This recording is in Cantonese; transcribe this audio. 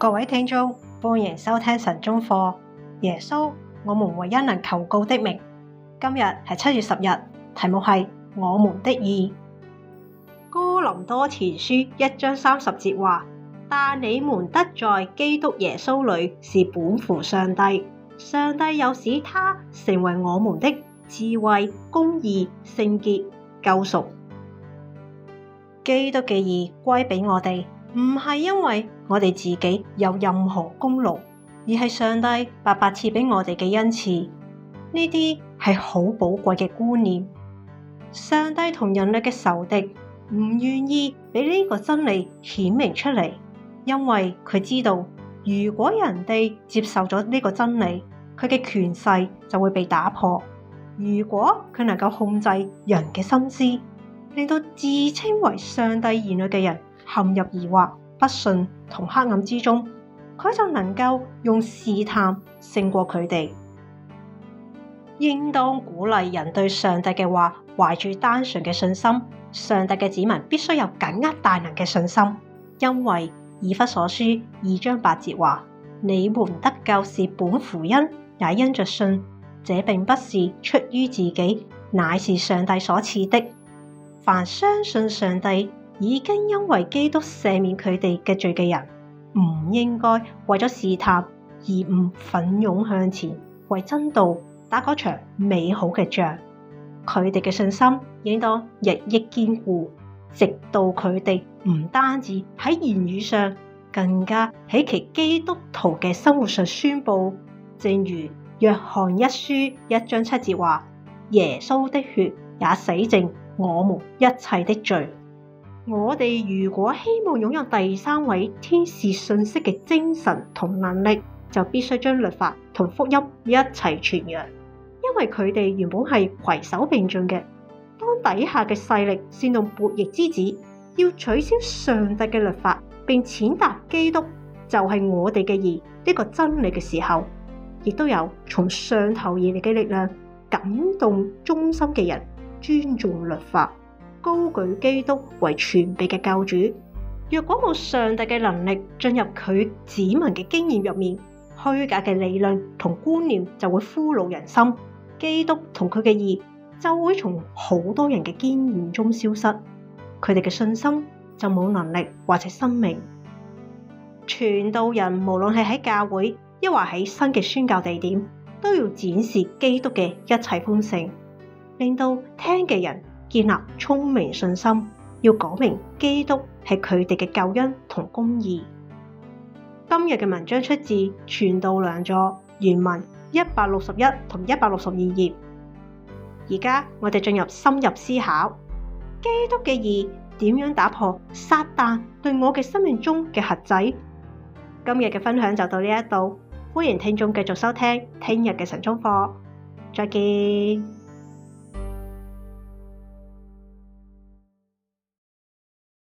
各位聽眾，歡迎收聽晨鐘課。耶穌，我們唯一能求告的名。今日係七月十日，題目係我們的義。哥林多前書一章三十節話：但你們得在基督耶穌裏是本乎上帝，上帝又使他成為我們的智慧、公義、聖潔、救贖。基督嘅義歸畀我哋，唔係因為我哋自己有任何功勞，而係上帝白白賜俾我哋嘅恩賜。呢啲係好寶貴嘅觀念。上帝同人類嘅仇敵唔願意俾呢個真理顯明出嚟，因為佢知道如果人哋接受咗呢個真理，佢嘅權勢就會被打破。如果佢能夠控制人嘅心思，令到自稱為上帝兒女嘅人陷入疑惑，不信同黑暗之中，佢就能夠用試探勝過佢哋。應當鼓勵人對上帝嘅話懷住單純嘅信心。上帝嘅子民必須有緊握大能嘅信心，因為以弗所書二章八節話：你們得救是本乎恩，也因着信。這並不是出於自己，乃是上帝所賜的。凡相信上帝已經因為基督赦免佢哋嘅罪嘅人，唔應該為咗試探而唔奮勇向前，為真道打嗰場美好嘅仗。佢哋嘅信心應當日益堅固，直到佢哋唔單止喺言語上，更加喺其基督徒嘅生活上宣布。正如約翰一書一章七節話：耶穌的血也洗淨我們一切的罪。我哋如果希望擁有第三位天使信息嘅精神同能力，就必須將律法同福音一齊傳揚，因為佢哋原本係攜手並進嘅。當底下嘅勢力煽動悖逆之子，要取消上帝嘅律法，並踐踏基督，就係、是、我哋嘅義呢、這個真理嘅時候，亦都有從上頭而嚟嘅力量感動忠心嘅人尊重律法。高舉基督為全備嘅救主。若果冇上帝嘅能力進入佢子民嘅經驗入面，虛假嘅理論同觀念就會俘虜人心，基督同佢嘅義就會從好多人嘅經驗中消失，佢哋嘅信心就冇能力或者生命。傳道人無論係喺教會亦或喺新嘅宣教地點，都要展示基督嘅一切豐盛，令到聽嘅人。建立聰明信心，要講明基督係佢哋嘅救恩同公義。今日嘅文章出自《傳道良助》原文一百六十一同一百六十二頁。而家我哋進入深入思考基督嘅義點樣打破撒旦對我嘅生命中嘅核仔。今日嘅分享就到呢一度，歡迎聽眾繼續收聽聽日嘅神中課，再見。